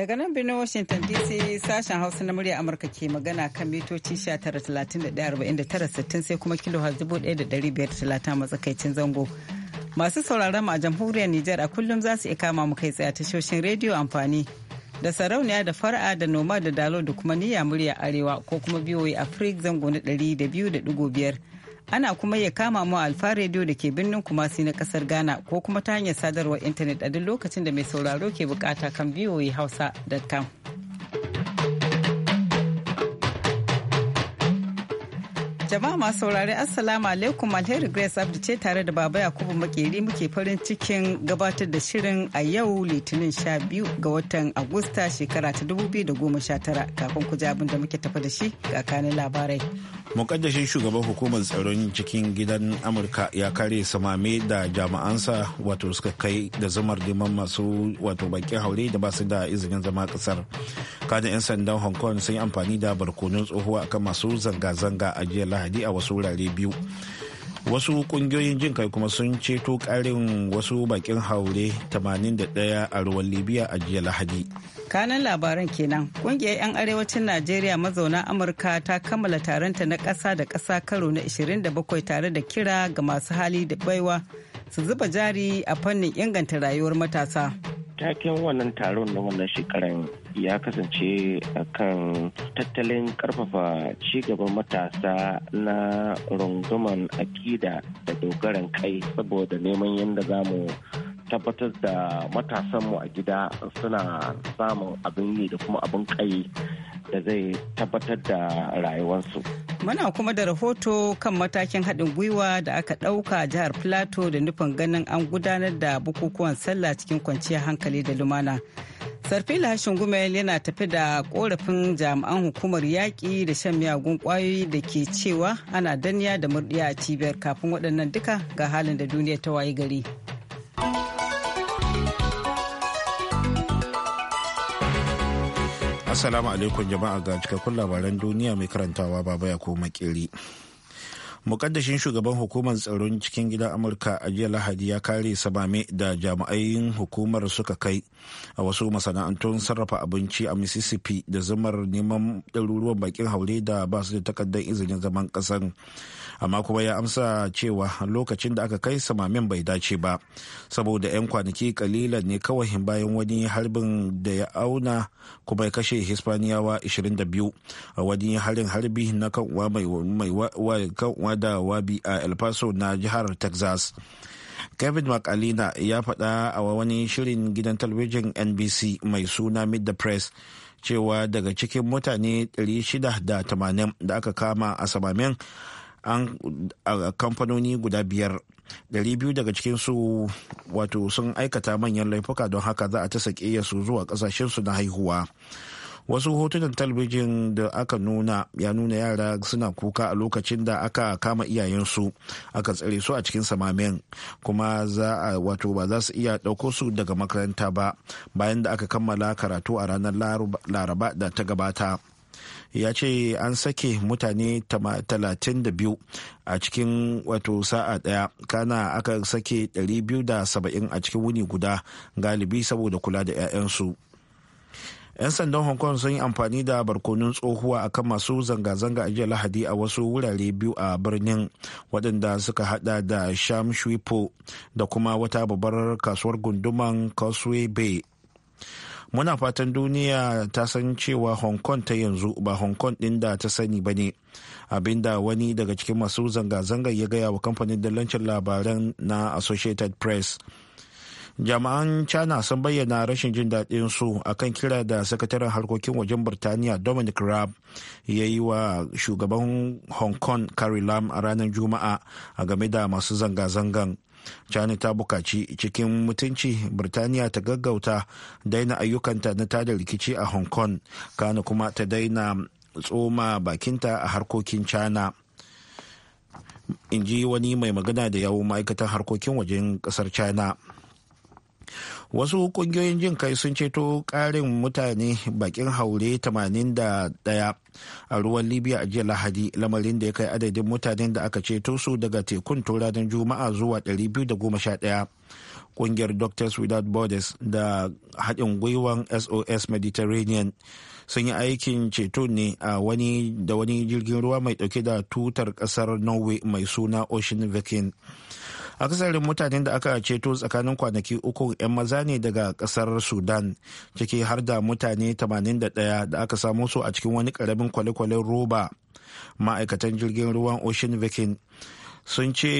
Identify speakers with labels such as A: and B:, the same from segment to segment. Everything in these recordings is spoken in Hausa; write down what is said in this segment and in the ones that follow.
A: Daga nan birnin Washington DC sashen Hausa na murya Amurka ke magana kan mitoci 19,31,49,60 sai kuma kilo 1,530 matsakaicin zango. Masu sauraron a jamhuriyar Nijar a kullum za su iya kama mu kai tsaye tashoshin rediyo amfani da sarauniya da fara'a da noma da dalo da kuma niyya murya arewa ko kuma biyoyi a Freak zango na 200.5 ana kuma ya kama mu alfa rediyo da ke birnin kumasi na kasar ghana ko kuma ta hanyar sadarwar intanet a duk lokacin da mai sauraro ke bukata kan voahausa.com Jama'a masu saurari Assalamu alaikum Alheri Grace Abdu ce tare da Baba Yakubu Makeri muke farin cikin gabatar da shirin a yau Litinin sha biyu ga watan Agusta shekara ta da 2019 kafin ku ji abin da muke tafi da shi ga kanin labarai.
B: Mukaddashin shugaban hukumar tsaron cikin gidan Amurka ya kare samame da jama'ansa wato suka kai da zumar liman masu wato bakin haure da basu da izinin zama kasar. kada 'yan sandan Hong Kong sun yi amfani da barkonon tsohuwa akan masu zanga-zanga a jiya lahadi a wasu wurare biyu wasu kungiyoyin jin kai kuma sun ceto karin wasu bakin haure 81 a ruwan libya a jiya lahadi
A: kanan labaran kenan kungiyar 'yan arewacin najeriya mazauna amurka ta kammala taronta na ƙasa da ƙasa karo na 27 tare da kira ga masu hali da baiwa su zuba jari a fannin inganta rayuwar matasa
C: taken wannan taron na wannan shekaran ya kasance kan tattalin karfafa cigaban matasa na runguman akida da dogaran kai saboda neman yadda za mu tabbatar da matasanmu a gida suna samun abin yi da kuma abin kai da zai tabbatar da rayuwarsu.
A: Muna kuma da rahoto kan matakin haɗin gwiwa da aka ɗauka jihar Plateau da nufin ganin an gudanar da bukukuwan sallah cikin kwanciyar hankali da lumana. sarfi lahashin gumel yana tafi da korafin jami'an hukumar yaƙi da shan miyagun ƙwayoyi da ke cewa ana danniya da murɗiya a cibiyar kafin waɗannan duka ga halin da duniya ta wayi gari
B: assalamu alaikum jama'a ga cikakkun labaran duniya mai karantawa baba ya ko makiri mukaddashin shugaban hukumar tsaron cikin gidan amurka a jiya lahadi ya kare sabame da jami'ai hukumar suka kai a wasu masana'antun sarrafa abinci a mississippi da zumar neman ɗaruruwan bakin haure da ba su da takardar izinin zaman ƙasar amma kuma ya amsa cewa lokacin da aka kai samamin bai dace ba saboda 'yan kwanaki kalilan ne kawai bayan wani harbin da ya auna kuma ya kashe hispaniyawa 22 a wani harin harbi na kanwa uwa da wabi a el paso na jihar texas kevin mcalina ya faɗa a wani shirin gidan talabijin nbc mai suna mid the press cewa daga cikin mutane 680 da aka kama a samamin an kamfanoni guda biyar ɗari biyu daga cikinsu wato sun aikata manyan laifuka don haka za a ta sake su zuwa ƙasashensu na haihuwa wasu hotunan talabijin da aka nuna ya nuna yara suna kuka a lokacin da aka kama iyayensu aka tsare su a cikin samamin kuma za a wato ba za su iya ɗauko su daga makaranta ba bayan da aka kammala karatu a ranar laraba da ta gabata ya ce an sake mutane 32 a cikin wato sa'a daya kana aka sake 270 a cikin wuni guda galibi saboda kula da 'ya'yansu 'yan sandan hong kong sun yi amfani da barkonun tsohuwa akan masu zanga-zanga a jiya lahadi a wasu wurare biyu a birnin waɗanda suka hada da sham shuipo da kuma wata babbar kasuwar gunduman causeway bay muna fatan duniya ta san cewa hong kong ta yanzu ba hong kong din da ta sani ba ne abinda wani daga cikin masu zanga-zangar ya gaya wa kamfanin dallancin labaran na associated press jama'an china sun bayyana rashin jin daɗin su akan kira da sakataren harkokin wajen birtaniya dominic raab ya yi wa shugaban hong kong carrie lam a ranar juma'a a game da masu zanga-zangan china ta bukaci cikin mutunci birtaniya ta gaggauta daina ayyukanta na tada rikici a hong kong kana kuma ta daina tsoma bakinta a harkokin china in ji wani mai magana da yawon ma'aikatan harkokin wajen kasar china wasu kungiyoyin jin kai sun ceto karin mutane bakin haure 81 a ruwan libya a jiya lahadi lamarin da ya kai adadin mutanen da aka ceto su daga tekun turanin juma'a zuwa 211 kungiyar doctors without borders da haɗin gwiwan sos mediterranean sun yi aikin ceto ne a wani da wani jirgin ruwa mai ɗauke da tutar ƙasar norway mai suna ocean viking akasarin mutanen da aka ceto tsakanin kwanaki uku 'yan maza ne daga kasar sudan ciki har da mutane 81 da aka samo su a cikin wani karamin kwale roba ma'aikatan jirgin ruwan ocean viking sun ce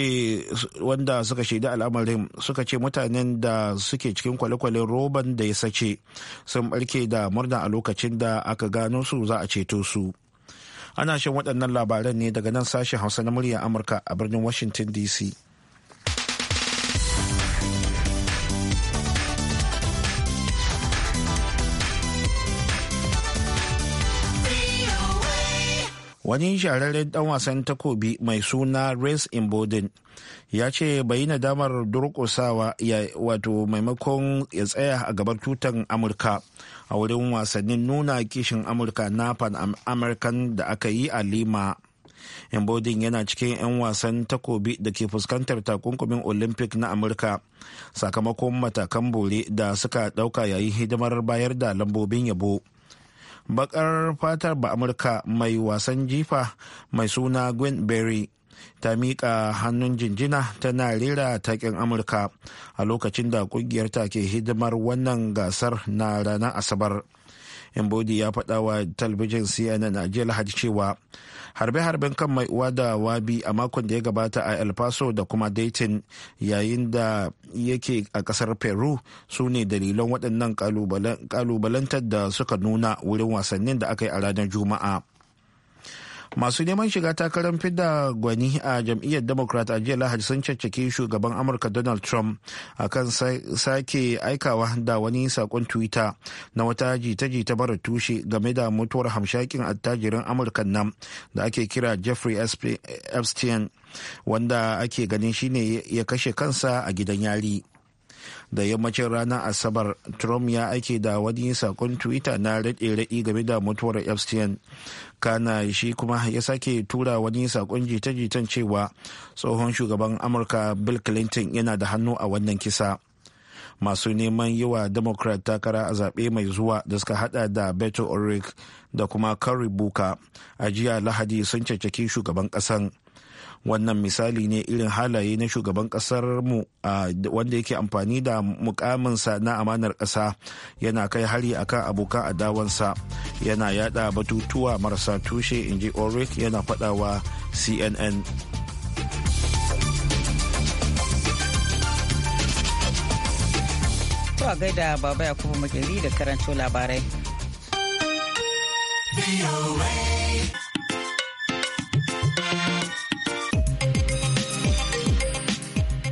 B: wanda suka shaida al'amarin suka ce mutanen da suke cikin kwale roban da ya sace sun barke da murna a lokacin da aka gano su za a ceto su ana shan waɗannan labaran ne daga nan sashen hausa na murya amurka a birnin washington dc wani shahararren dan wasan takobi mai suna race in bodin ya ce bai damar durkusawa ya wato maimakon ya tsaya a gabar tutan amurka a wurin wasannin nuna kishin amurka na pan american da aka yi a lima Embodin yana cikin 'yan wasan takobi da ke fuskantar takunkumin Olympic na Amurka sakamakon matakan bore da suka ɗauka yayin hidimar bayar da lambobin yabo. bakar fatar ba amurka mai wasan jifa mai suna gwen berry ta miƙa hannun jinjina tana rera takin amurka a lokacin da ƙungiyarta ke hidimar wannan gasar na ranar asabar. Mbodi ya faɗa wa talabijin CNN a jiya Lahadi cewa harbe-harben kan mai uwa da wabi a makon da ya gabata a El Paso da kuma Dayton yayin da yake a ƙasar Peru su ne dalilan waɗannan kalubalantar da suka nuna wurin wasannin da aka yi a ranar Juma'a. masu neman shiga takarar fidda gwani a jam'iyyar democrat a jiya lahadi sun caccake shugaban amurka donald trump a kan sake aikawa da wani sakon twitter na wata jita-jita mara tushe game da mutuwar hamshakin attajirin amurka nan da ake kira jeffrey epstein wanda ake ganin shine ya kashe kansa a gidan yari da yammacin ranar asabar trump ya aike da wani sakon twitter na raɗe-raɗi game da mutuwar epstein kana shi kuma ya sake tura wani sakon jita-jitan cewa tsohon shugaban amurka bill clinton yana da hannu a wannan kisa masu neman yi wa democrat takara a zaɓe mai zuwa da suka hada da beto o'rourke da kuma cory buka a jiya lahadi sun caccaki shugaban ƙasan wannan misali ne irin halaye na shugaban kasar mu wanda yake amfani da mukaminsa na amanar ƙasa yana kai hari akan abokan adawansa yana yada batutuwa marasa tushe inji ulrich yana fadawa cnn
A: Zuwa gaida baba ya kuma da karanto labarai.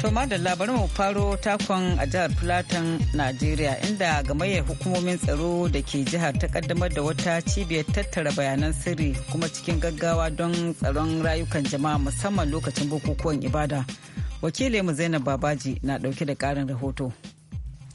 A: To da labarin mu faro takon a jihar Filatan, Najeriya inda gamayyar hukumomin tsaro da ke jihar ta kaddamar da wata cibiyar tattara bayanan sirri kuma cikin gaggawa don tsaron rayukan jama'a musamman lokacin bukukuwan ibada. Wakilinmu Zainab Babaji na dauke da karin rahoto.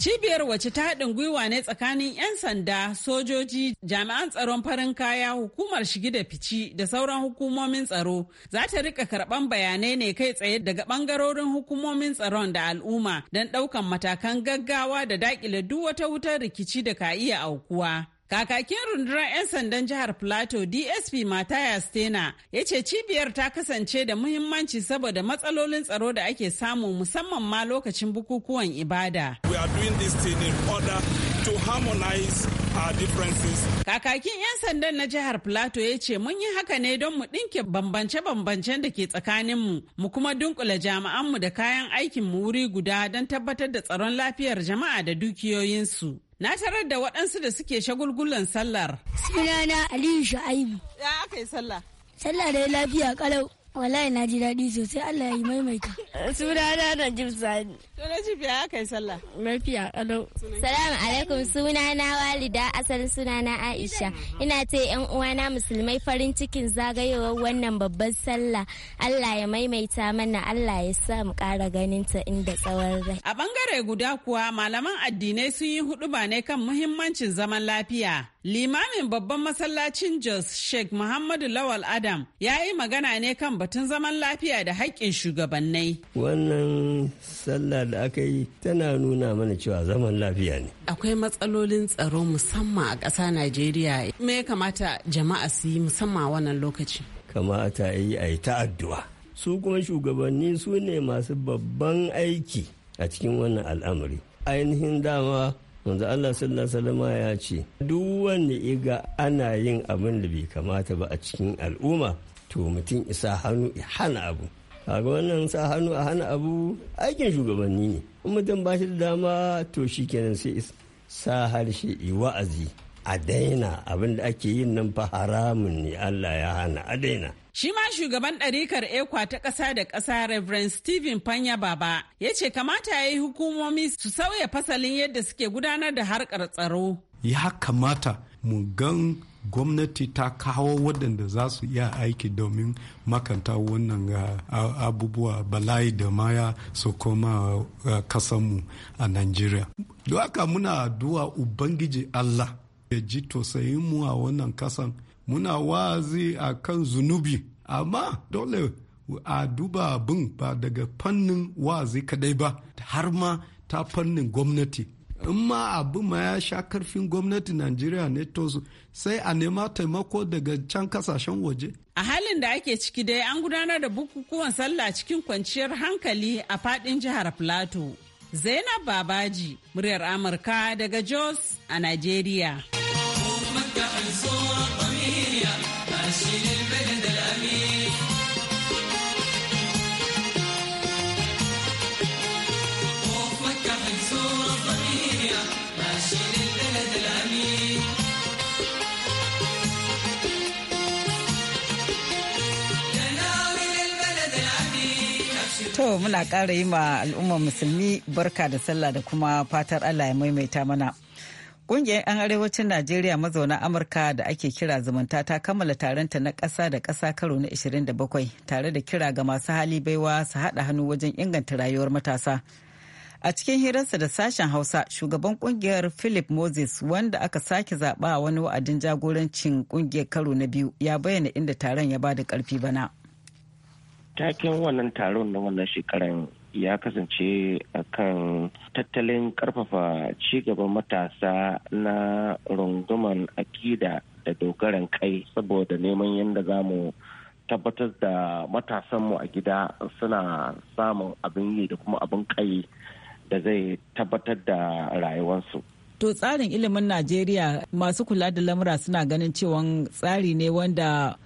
D: Cibiyar wace ta haɗin gwiwa ne tsakanin 'yan sanda, sojoji, jami'an tsaron farin kaya, hukumar shigi da fici da sauran hukumomin tsaro za ta rika karɓan bayanai ne kai tsaye daga ɓangarorin hukumomin tsaron da al'umma don ɗaukan matakan gaggawa da daƙile duk wata wutar rikici da ka iya aukuwa. Kakakin rundunar 'yan sandan jihar Plateau DSP Mataya Stena ya ce cibiyar ta kasance da muhimmanci saboda matsalolin tsaro da ake samu musamman ma lokacin bukukuwan ibada.
E: We are doing this thing in order to harmonize
D: our differences. Kakakin 'yan sandan na jihar Plateau ya ce mun yi haka ne don mu ɗinke bambance-bambancen da ke tsakaninmu, mu kuma dunkula jami'anmu da kayan aikin mu wuri guda don tabbatar da tsaron lafiyar jama'a da dukiyoyinsu. Na tarar da waɗansu da suke shagulgulan sallar. Sunana Aliyu Shu'aibu. Ya aka yi sallah? Sallah da lafiya kalau. Wallahi na ji daɗi sosai Allah ya yi maimaita. Suna na na jim sani. Suna jib ya aka sallah. Mafiya, alo. Salamu alaikum suna na walida asalin suna na Aisha. Ina ce yan uwana musulmai farin cikin zagayowar wannan babban sallah. Allah ya maimaita mana Allah ya sa mu ƙara ganin ta inda tsawon rai. A bangare guda kuwa malaman addinai sun yi huɗuba ne kan muhimmancin zaman lafiya. Limamin babban masallacin Jos Sheikh Muhammadu Lawal Adam ya yi magana ne kan batun zaman lafiya da haƙƙin shugabannai. Wannan
F: sallah da aka yi tana nuna mana cewa zaman lafiya ne.
D: Akwai matsalolin tsaro musamman a ƙasa Najeriya. Me ya kamata jama'a su yi musamman wannan lokaci? Kamata a yi a yi ta'addu'a. Su kuma shugabanni
F: su ne masu babban aiki a cikin wannan al'amari. Ainihin dama manzo Allah sallallahu alaihi ya ce duk wanda iga ana yin abin da bai kamata ba a cikin al'umma to mutum isa hannu ya hana abu kaga wannan sa hannu a hana abu aikin shugabanni ne in mutum ba shi da dama to shi kenan sai sa harshe yi wa'azi a daina abin da ake yin nan fa haramun ne Allah ya hana a daina
D: Shi ma shugaban ɗarikar ekwa ta ƙasa da ƙasa Reverend Stephen Panya Baba ya ce kamata ya yi hukumomi su sauya fasalin yadda suke gudanar da harkar tsaro.
G: Ya
E: kamata mu gan gwamnati ta kawo waɗanda za su iya aiki domin makanta wannan abubuwa bala'i da maya su koma kasanmu a Najeriya. Don muna addu'a Ubangiji Allah ya ji mu a wannan kasan muna wazi a kan zunubi amma dole a duba abin ba daga fannin wazi kadai ba har ma ta fannin gwamnati in ma abu ma ya sha karfin gwamnati Najeriya ne to sai a nema taimako daga can kasashen waje.
D: A halin da ake ciki dai an gudanar da bukukuwan sallah cikin kwanciyar hankali a fadin jihar plato Zainab Babaji, muryar Amurka daga Jos a Najeriya.
A: To muna ƙara yi ma al'ummar musulmi barka da sallah da kuma fatar Allah ya maimaita mana. Ƙungiyar 'yan arewacin Najeriya mazauna Amurka da ake kira zumunta ta kammala taronta na ƙasa da ƙasa karo na 27 tare da kira ga masu hali baiwa su haɗa hannu wajen inganta rayuwar matasa. A cikin hirarsa da sashen Hausa, shugaban kungiyar Philip Moses wanda aka sake zaɓa wani wa'adin jagorancin kungiyar karo na biyu ya bayyana inda taron ya ba da ƙarfi bana.
C: taken wannan taron na wannan shekaran ya kasance a kan tattalin karfafa cigaban matasa na runguman akida da dogaran kai saboda neman yadda za mu tabbatar da matasanmu a gida suna samun abin yi da kuma abin kai da zai tabbatar da rayuwarsu.
A: To tsarin ilimin Najeriya masu kula da lamura suna ganin cewa tsari ne wanda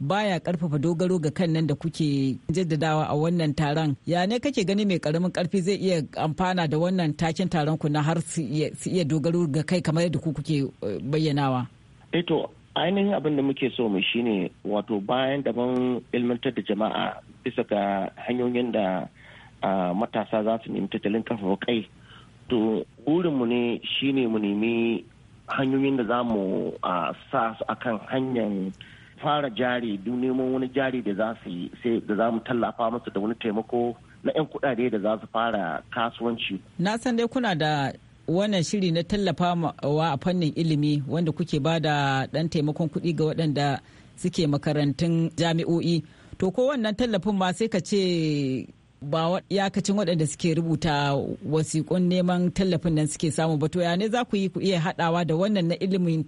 A: baya karfafa dogaro ga kan nan da kuke jaddadawa a wannan taron ya ne kake gani mai karamin karfi zai iya amfana da wannan takin taron ku na har su iya dogaro ga kai kamar yadda ku kuke eh, bayyanawa
C: eto eh ainihin abin da muke so mu shine wato bayan da mun ilmantar da jama'a bisa ga hanyoyin da matasa za su nemi tattalin kafa kai to mu ne shine mu nemi hanyoyin da za mu sa su akan hanyar fara jari duk neman wani jari da za su yi sai da za mu tallafa musu da wani taimako na 'yan kudade da za su fara kasuwanci.
A: Na san dai kuna da wannan shiri na tallafawa a fannin ilimi wanda kuke ba da ɗan taimakon kuɗi ga waɗanda suke makarantun jami'o'i. To ko wannan tallafin ma sai ka ce ba kacin waɗanda suke rubuta wasiƙun neman tallafin nan suke samu ba to ya ne za ku yi ku iya haɗawa da wannan na ilimin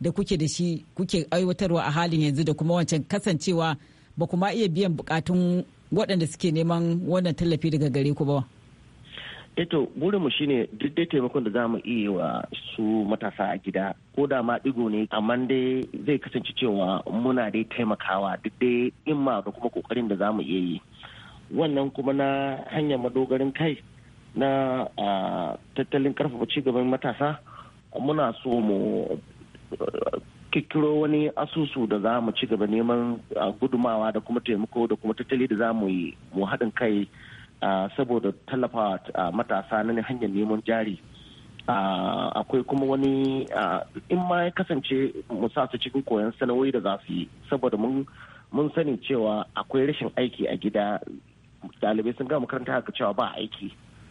A: da kuke da shi kuke aiwatarwa a halin yanzu da kuma wancan kasancewa ba kuma iya biyan bukatun waɗanda suke neman wannan tallafi daga gare ku ba
C: eto eh mu shine duk dai taimakon da za mu iya wa su matasa a gida ko da ma digo ne amma dai zai kasance cewa muna dai taimakawa duk dai in ma da kuma kokarin da za mu iya yi wannan kuma na hanyar madogarin kai na ah, tattalin karfafa cigaban matasa muna so mu kikiro wani asusu da za mu ci gaba neman gudumawa da kuma taimako da kuma tattali da za mu yi mu haɗin kai saboda tallafa matasa na hanyar neman jari akwai kuma wani in ma ya kasance mu su cikin koyon sana'o'i da za su yi saboda mun sani cewa akwai rashin aiki a gida dalibai sun gama makaranta haka cewa ba aiki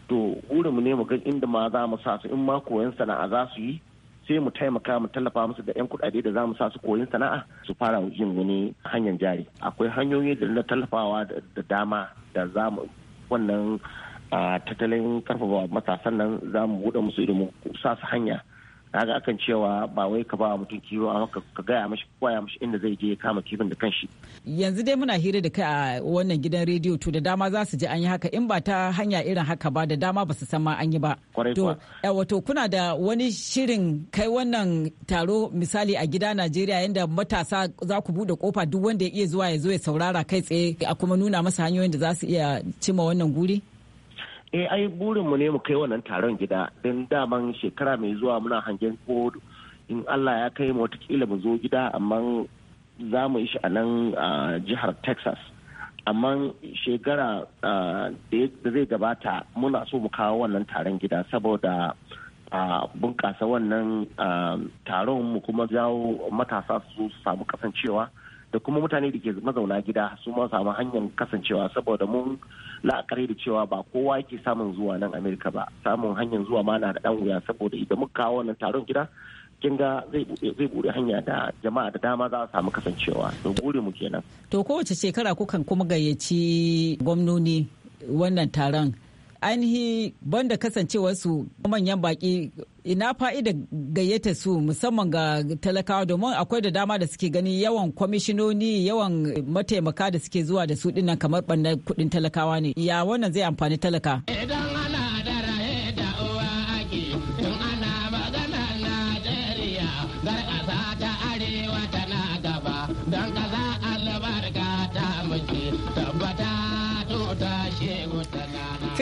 C: to mu ne mu ga inda ma za mu sa su in ma koyon sana'a za su yi sai mu taimaka mu tallafa musu da 'yan kuɗaɗe da za mu sa su koyin sana'a su fara yin wani hanyar jari akwai hanyoyi da na tallafawa da dama da za mu wannan tattalin karfafa matasan nan za mu buɗe musu mu sa su hanya kaga akan cewa ba wai ka ba mutum kiwo amma ka gaya mashi koya mashi inda zai je kama kifin da kanshi
A: yanzu dai muna hira da kai a wannan gidan rediyo to da dama za su ji an yi haka in ba ta hanya irin haka ba da dama ba su san ma an yi ba to eh, wato kuna da wani shirin kai wannan taro misali a gida Najeriya yanda matasa za ku bude kofa duk wanda ya iya zuwa ya zo ya saurara kai tsaye a kuma nuna masa hanyoyin da za su iya cima wannan guri eh
C: ai burinmu ne mu kai wannan taron gida don daman shekara mai zuwa muna hangen ko in allah ya kai mu watakila mu zo gida amma za mu yi shi a nan jihar texas amma shekara da zai gabata muna so mu kawo wannan taron gida saboda a bunkasa wannan taron mu kuma jawo matasa su samu kasancewa. da kuma mutane da ke mazauna gida su ma samu hanyar kasancewa saboda mun la'akari da cewa ba kowa yake samun zuwa nan amerika ba samun hanyar zuwa ma na da dan wuya saboda idan muka kawo wannan taron gida kin ga zai bude hanya da jama'a da dama za a samu kasancewa to gure mu kenan
A: to kowace shekara kukan kuma gayyaci gwamnoni wannan taron ainihi banda kasancewarsu manyan baki ina fa'ida gayyata su musamman ga talakawa domin akwai da dama da suke gani yawan kwamishinoni yawan mataimaka da suke zuwa da su dinnan kamar ɓannar kuɗin talakawa ne ya wannan zai amfani talaka.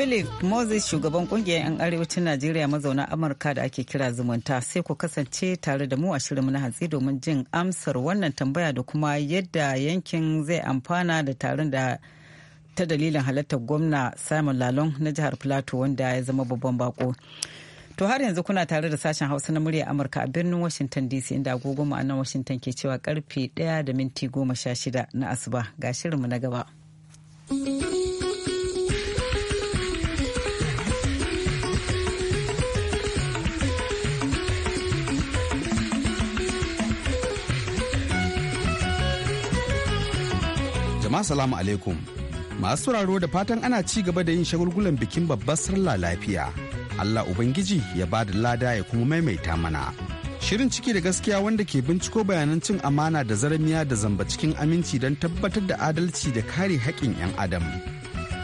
A: Philip Moses shugaban kungiyar 'yan arewacin Najeriya mazauna Amurka da ake kira zumunta sai ku kasance tare da mu a shirin na hatsi domin jin amsar wannan tambaya da kuma yadda yankin zai amfana da taron da ta dalilin halartar gwamna Simon lalon na jihar Plateau wanda ya zama babban bako. To har yanzu kuna tare da sashen Hausa na murya Amurka a birnin Washington DC inda agogo ma'anar Washington ke cewa karfe 1 da minti goma sha shida na asuba ga shirinmu na gaba.
F: Jama'a salamu alaikum. Masu sauraro da fatan ana ci gaba da yin shagulgulan bikin babbar sallah lafiya. Allah Ubangiji ya ba da lada ya kuma maimaita mana. Shirin ciki da gaskiya wanda ke binciko bayanan cin amana da zaramiya da zamba cikin aminci don tabbatar da adalci da kare haƙƙin 'yan adam.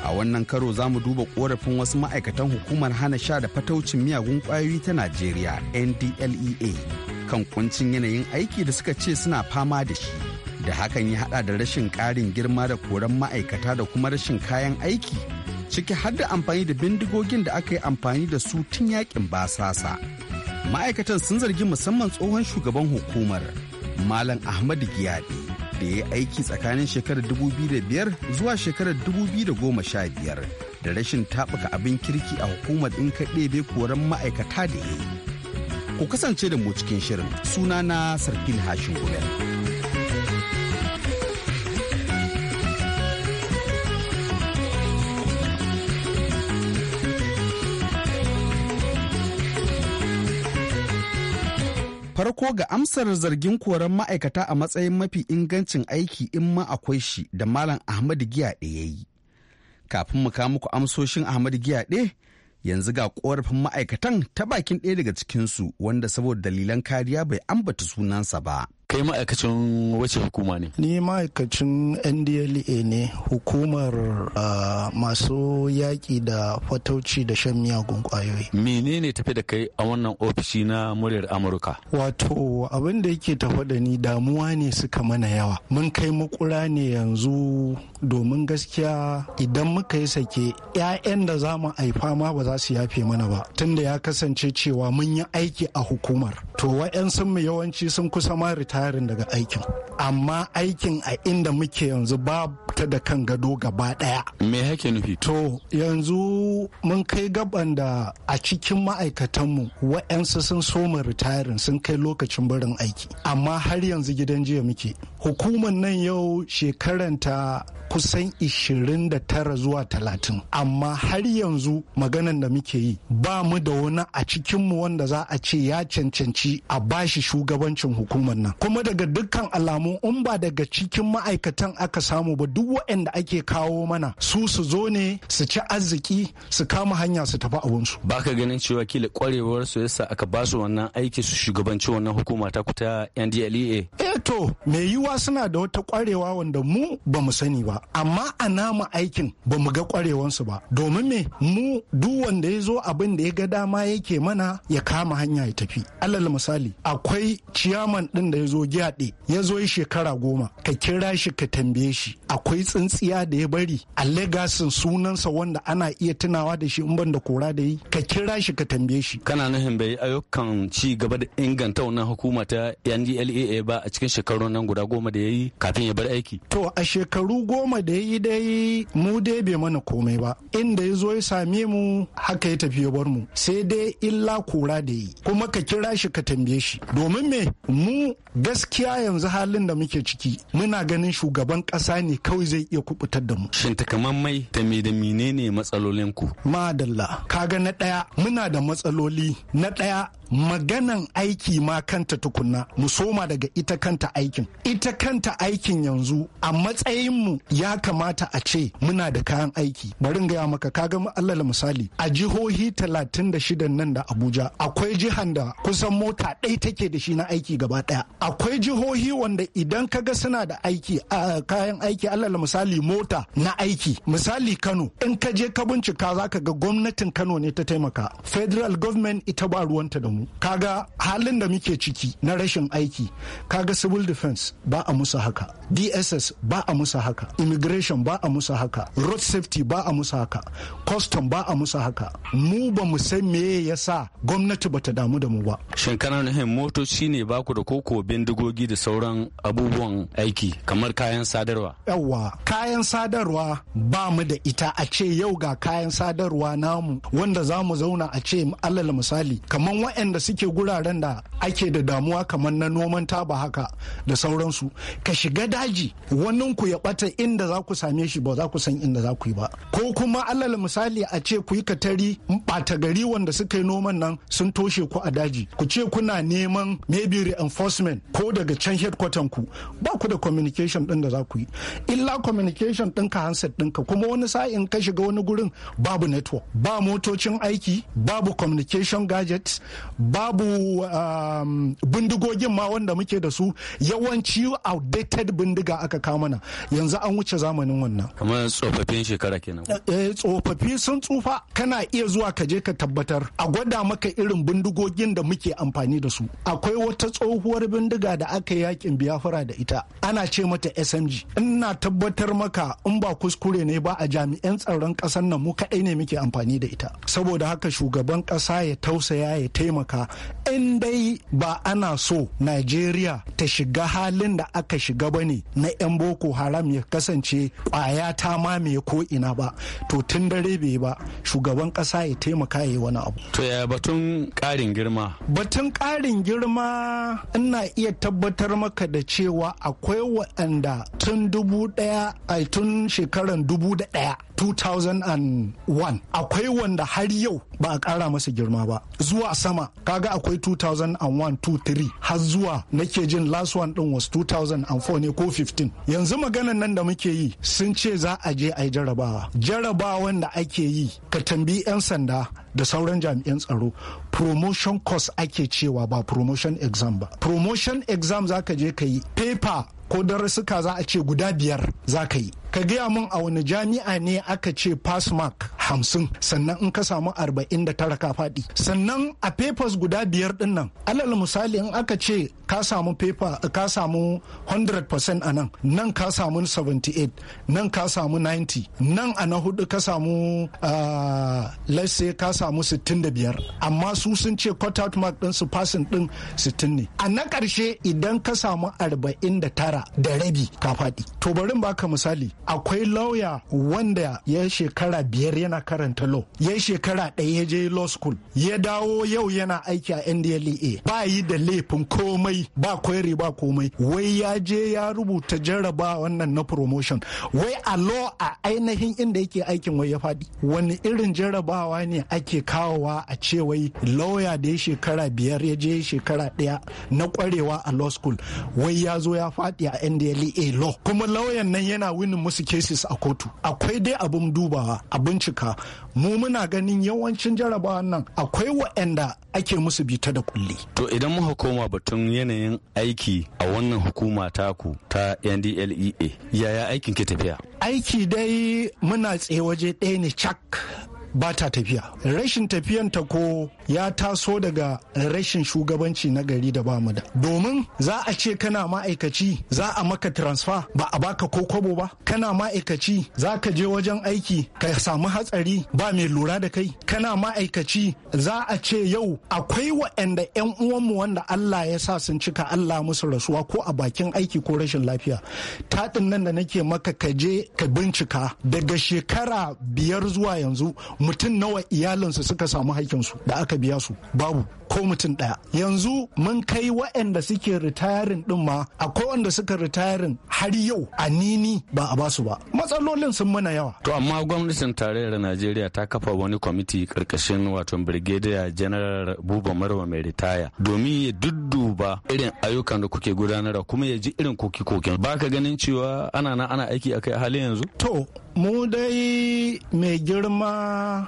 F: A wannan karo za mu duba korafin wasu ma'aikatan hukumar hana sha da fataucin miyagun ƙwayoyi ta Najeriya NDLEA kan kuncin yanayin aiki da suka ce suna fama da shi. da hakan ya hada da rashin karin girma da koran ma'aikata da kuma rashin kayan aiki ciki har da amfani da bindigogin da aka yi amfani da su tun yakin basasa ma'aikatan sun zargi musamman tsohon shugaban hukumar malam ahmadu giyadi da ya aiki tsakanin shekarar 2005 zuwa shekarar 2015 da rashin tabuka abin kirki a hukumar in ka ɗebe koran ma'aikata da ya yi ku kasance da mu cikin shirin suna na sarkin hashin gudanar farko ga amsar zargin koran ma'aikata a matsayin mafi ingancin aiki in ma akwai shi da Malam Ahmadu Giya ya yi. Kafin mu kawo muku amsoshin Ahmadu Giya yanzu ga korafin ma'aikatan ta bakin ɗaya daga cikinsu wanda saboda dalilan kariya bai ambata sunansa ba.
G: kai ma'aikacin wace hukuma ne ni ma'aikacin
E: ndla ne hukumar masu yaƙi da fatauci da shan miyagun
G: ƙwayoyi menene tafi da kai a wannan ofishi na muryar amurka
E: wato abin da yake tafi da ni damuwa ne suka mana yawa mun kai makura ne yanzu domin gaskiya idan muka yi sake 'ya'yan da za mu haifa ma ba za su yafe mana ba tunda ya kasance cewa mun yi aiki a hukumar to wa'yan sun mu yawanci sun kusa ma tarin daga aikin amma aikin a inda muke yanzu ba ta da kan gado gaba daya
G: me hake nufi to yanzu
E: mun kai gaban da a cikin ma'aikatanmu wa'yansu sun soma retiring sun kai lokacin barin aiki amma har yanzu gidan jiya muke hukumar nan yau shekaranta kusan 29 zuwa 30 amma har yanzu maganan da muke yi ba mu da wani a cikinmu wanda za a ce ya cancanci a bashi shugabancin hukumar nan kuma daga dukkan alamu in ba daga cikin ma'aikatan aka samu ba duk waɗanda ake kawo mana su su zo ne su ci arziki su kama hanya su tafi abinsu
G: ba ka ganin cewa kila kwarewar su yasa aka ba su wannan aiki su shugabanci wannan hukuma ta kuta ndlea
E: eh to mai yiwa suna da wata kwarewa wanda mu ba mu sani ba amma a nama aikin ba mu ga kwarewansu ba domin me mu duk wanda ya zo abin da ya ga dama yake mana ya kama hanya ya tafi alal misali akwai ciyaman din da ya zo gyaɗe ya zo yi shekara goma ka kira shi ka tambaye shi akwai tsintsiya da ya bari a legasin sunansa wanda ana iya tunawa da shi in ban da kora da yi ka kira shi ka tambaye shi
G: kana nufin bai ayyukan ci gaba da inganta wannan hukuma ta NDLEA ba a cikin shekaru nan guda goma da ya yi kafin ya bar aiki
E: to a shekaru goma da ya yi dai mu dai bai mana komai ba inda ya zo ya same mu haka ya tafi ya bar mu sai dai illa kora da yi kuma ka kira shi ka tambaye shi domin me mu gaskiya yanzu halin da muke ciki muna ganin shugaban kasa ne kawai
G: zai iya kubutar da mu shin takamammai ta me da menene matsalolin ku madalla
E: kaga na ɗaya muna da matsaloli na ɗaya maganan aiki ma kanta tukunna mu soma daga ita kanta aikin ita kanta aikin yanzu a matsayinmu ya kamata a ce muna da kayan aiki bari in gaya maka kaga la misali a jihohi 36 nan da abuja akwai jihan da kusan mota ɗaya take da shi na aiki gaba ɗaya akwai jihohi wanda idan ka ga suna da aiki a kayan aiki la misali mota na aiki misali kano in ka je ka bincika za ga gwamnatin kano ne ta taimaka federal government ita ba ruwanta da mu mu kaga halin da muke ciki na rashin aiki kaga civil defense ba a musu haka dss ba a musu haka immigration ba a musu haka road safety ba a musu haka custom ba a musu haka mu ba mu san me yasa gwamnati ba ta damu da mu ba
G: shin kana nufin motoci ne ba ku da koko bindigogi da sauran abubuwan aiki kamar kayan sadarwa
E: yawa kayan sadarwa ba mu da ita a ce yau ga kayan sadarwa namu wanda za mu zauna a ce alal misali kamar wa'en da suke guraren da ake da damuwa kamar na noman taba haka da sauransu ka shiga daji wannan ku ya bata inda za ku same shi ba za ku san inda za ku yi ba ko kuma alal misali a ce ku yi katari bata gari wanda suka yi noman nan sun toshe ku a daji ku ce kuna neman maybe reinforcement ko daga can headquarter ku ba ku da communication ɗin da za ku yi illa communication ka handset ka kuma wani sa'in ka shiga wani gurin babu network ba motocin aiki babu communication gadgets babu um, bindigogin ma wanda muke da su yawanci outdated bindiga aka kamana yanzu an wuce zamanin wannan
G: kamar tsofaffin shekara kenan
E: eh tsofaffi sun tsufa kana iya zuwa ka je ka tabbatar a gwada maka irin bindigogin da muke amfani da su akwai wata tsohuwar bindiga da aka yakin biyafura da ita ana ce mata smg ina tabbatar maka in ba kuskure ne ba a jami'an tsaron ƙasar nan mu kaɗai ne muke amfani da ita saboda haka shugaban ƙasa ya tausaya ya taimaka taimaka in dai ba ana so Najeriya ta shiga halin da aka shiga ba ne na 'yan Boko Haram ya kasance ƙwaya ta mamaye ko ina ba to tun dare bai ba shugaban ƙasa ya taimaka ya wani abu.
G: To ya batun ƙarin girma?
E: Batun ƙarin girma ina iya tabbatar maka da cewa akwai waɗanda tun dubu ɗaya a tun shekarar dubu da ɗaya 2001 akwai wanda har yau ba a ƙara masa girma ba zuwa sama kaga akwai 2001 23 har zuwa nake jin last one din was 2004 ne ko 15 yanzu maganan nan da muke yi sun ce za a je a yi jarabawa jarabawan da ake yi ka tambi 'yan sanda da sauran jami'an tsaro promotion course ake cewa ba promotion exam ba promotion exam za ka je ka yi paper ko darussuka za a ce guda biyar za ka yi ka gaya mun a wani jami'a ne aka ce pass mark hamsin sannan in ka samu arba'in da tara ka faɗi sannan a papers guda biyar din nan alal misali in aka ce ka samu paper ka samu 100% a nan nan ka samu 78 nan ka samu 90 nan a na hudu ka samu ah, let's say ka samu 65 amma su sun ce cut out mark din su passing din 60 ne a na karshe idan ka samu 49 da rabi ka faɗi to bari baka misali akwai lauya wanda ya shekara biyar yana karanta law ya shekara ɗaya ya je law school ya dawo yau yana aiki a ndlea ba yi da laifin komai ba kwairi ba komai wai ya je ya rubuta jaraba wannan na promotion wai a law a ainihin inda yake aikin wai ya faɗi wani irin jarrabawa ne ake kawowa a ce lauya da ya shekara biyar ya je shekara ɗaya na kwarewa a law school wai ya zo ya faɗi a ndlea law kuma lauyan nan yana winin wasu cases a kotu akwai dai abin dubawa a bincika mu muna ganin yawancin jarabawan nan akwai waɗanda ake musu bita da kulli
G: to idan muka koma batun yanayin aiki a wannan hukuma taku ta ndlea yaya aikin ke tafiya
E: aiki dai muna tsaye waje ɗaya ne cak ba ta tafiya rashin tafiyan ta ko ya taso daga rashin shugabanci na gari da bamu da domin za a ce kana ma'aikaci za a maka transfer ba a baka ko kwabo ba kana ma'aikaci za ka je wajen aiki ka samu hatsari ba mai lura da kai kana ma'aikaci za a ce yau akwai waɗanda 'yan uwanmu wanda Allah ya sa sun cika Allah musu rasuwa ko a bakin aiki ko rashin lafiya taɗin nan da nake maka ka je ka bincika daga shekara biyar zuwa yanzu mutum nawa iyalinsu suka samu haƙƙinsu da aka biya su babu ko mutum daya yanzu mun kai waɗanda suke ritayarin ɗin ma akwai wanda suka ritayarin har yau a nini ba a basu ba matsalolin sun mana yawa
G: to amma gwamnatin tarayyar najeriya ta kafa wani kwamiti karkashin wato brigadier general buba marwa mai ritaya domin ya dudduba irin ayyukan da kuke gudanarwa kuma ya ji irin koke-koken ba ganin cewa ana na ana aiki akai hali yanzu
E: to mu dai mai girma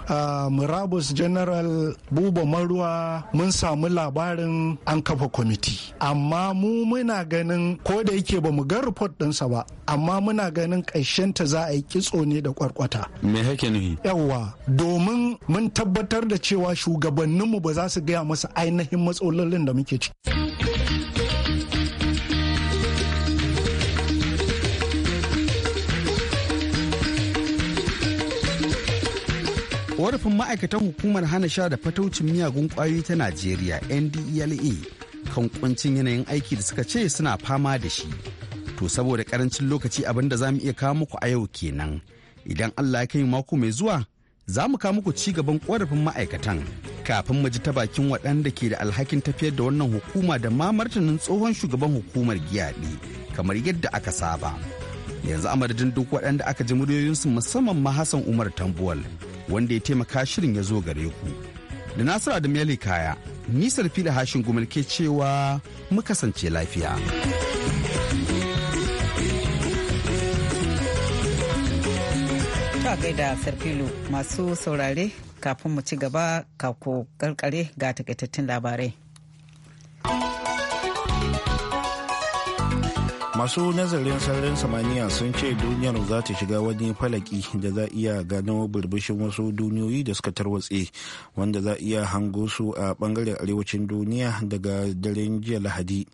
E: a murabus general buba maruwa mun samu labarin an kafa kwamiti amma mu muna ganin ko da yake ba mu ga report dinsa ba amma muna ganin ta za a yi kitso ne da kwarkwata
G: me hake nuhi
E: yawwa domin mun tabbatar da cewa shugabanninmu ba za su gaya masa ainihin matsalolin da muke ciki
F: korafin ma'aikatan hukumar hana sha da fataucin miyagun kwayoyi ta najeriya ndlea kan kuncin yanayin aiki da suka ce suna fama da shi to saboda karancin lokaci abin da za mu iya kawo muku a yau kenan idan allah ya kai mako mai zuwa za mu kawo muku ci gaban korafin ma'aikatan kafin mu ji ta bakin waɗanda ke da alhakin tafiyar da wannan hukuma da ma martanin tsohon shugaban hukumar giyaɗe kamar yadda aka saba. yanzu a madadin duk waɗanda aka ji muryoyinsu musamman ma hassan umar tambuwal wanda ya taimaka shirin ya zo gare ku da nasiru adam yali kaya nisar fili hashin gumal cewa mu
A: kasance lafiya ta gaida sarfilo masu saurare kafin mu ci gaba ko karkare ga takaitattun labarai
B: masu nazarin sararin samaniya sun ce duniyar za ta shiga wani falaki da za iya gano burbushin wasu duniyoyi da suka tarwatse wanda za iya hango su a bangaren arewacin duniya daga daren jiya lahadi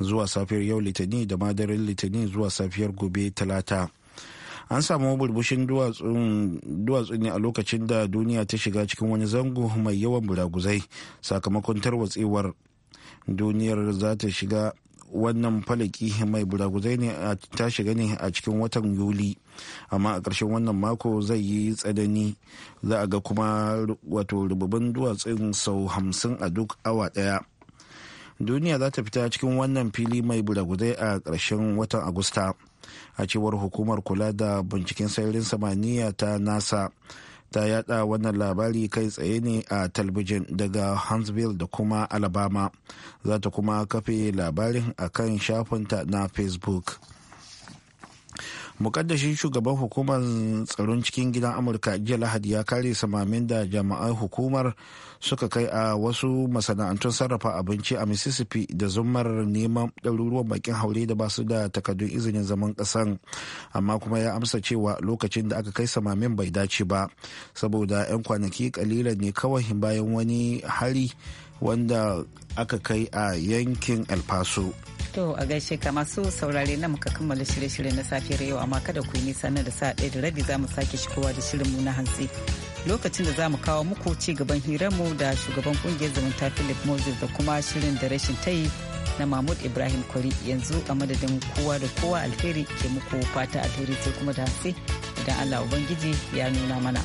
B: zuwa safiyar yau litani da ma daren litani zuwa safiyar gobe talata an samu burbushin duwatsu ne a lokacin da duniya ta shiga cikin wani zango mai yawan buraguzai sakamakon tarwatsewar duniyar za ta shiga wannan falaki mai buraguzai ne ta shiga ne a cikin watan yuli amma a ƙarshen wannan mako zai yi tsanani za a ga kuma wato rububin duwatsun sau hamsin a duk awa ɗaya duniya za ta fita cikin wannan fili mai buraguzai a ƙarshen watan agusta a cewar hukumar kula da binciken sararin samaniya ta nasa ta yada wannan labari kai tsaye ne a talbijin daga huntsville da kuma alabama za ta kuma kafe labarin a kan shafinta na facebook mukaddashin shugaban hukumar tsaron cikin gidan amurka jiya lahadi ya kare samamin da jama'ai hukumar suka kai a wasu masana'antun sarrafa abinci a mississippi da zumar neman ɗaruruwan bakin haure da basu da takardun izinin zaman ƙasan amma kuma ya amsa cewa lokacin da aka kai samamin bai dace ba saboda 'yan kwanaki kalilan ne kawai bayan wani hari wanda aka kai a yankin el paso
A: To a gaishe ka masu saurare na muka kammala shirye-shirye na safiyar yau amma kada ku yi nisa na da sa'a da rabi za mu sake shigowa da shirinmu na hantsi. Lokacin da za mu kawo muku ci gaban mu da shugaban kungiyar zumunta Philip Moses da kuma shirin da rashin tayi na Mahmud Ibrahim Kwari yanzu a madadin kowa da kowa alheri ke muku fata alheri sai kuma da hantsi idan Allah Ubangiji ya nuna mana.